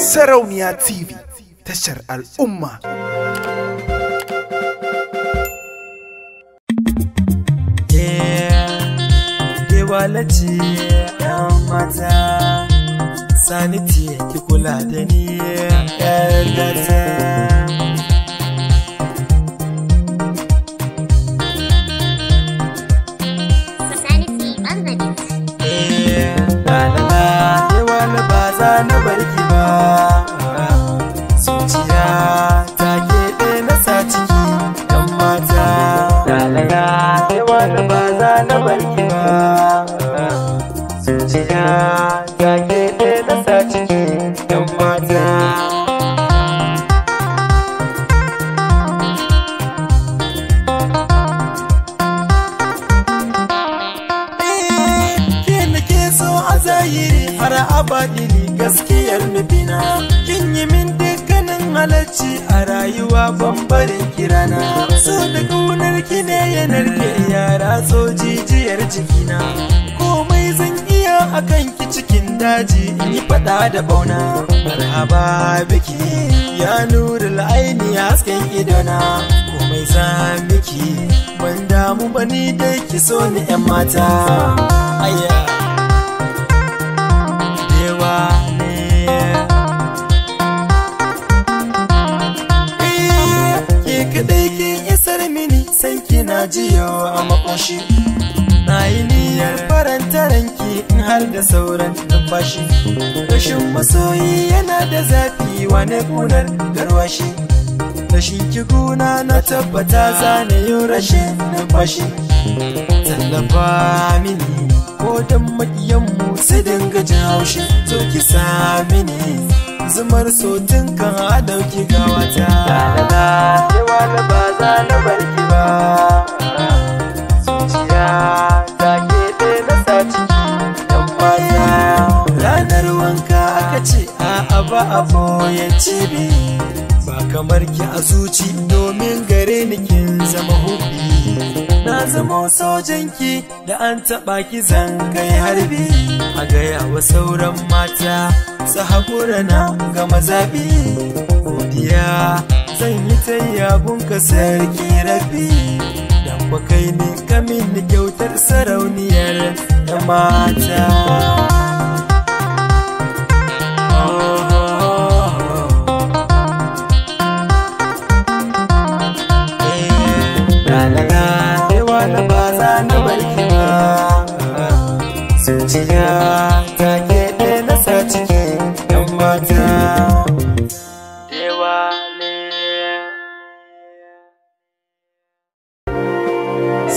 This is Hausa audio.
Sarauniya TV tashar al'umma. Kewalace ‘yan mata, saniti ki kula da ni ‘yan na barki ba zuciya ya ke na sa cikin mata zahiri har abadili gaskiyar nufina kin yi min dukkanin halarci a rayuwa bambarin kirana so da ƙaunar ki ne yanar ratso jijiyar jikina komai zan iya akan ki cikin daji in yi fada da bauna marhaba biki ya nuri la'aini hasken idona komai zan biki ban damu ba ni dai ki so ni yan mata na jiyo a makoshi na yi niyyar faranta ranki in har da sauran numfashi rashin masoyi yana da zafi wane kunar garwashi rashin kiguna na tabbata zane yi rashin numfashi tallafa mini ko dan makiyanmu su dinga jin haushi to ki sami mini zumar sotin kan a dauki gawata ni ba za ni barki ba zuciya ta keɓe na sa ciki dan mata ranar wanka aka ce a ba a boyen cibi ba kamar ki a domin gare ni kin zama hubi na zama ki da an taɓa ki zangai harbi a gayawa sauran mata su haƙura na ga mazaɓi godiya zan yi ta yabonka sarki rabi dan kwa kai ne kamin kyautar sarauniyar da mata eh. eh, Zuciya ta keɓe nasa cikin 'yan mata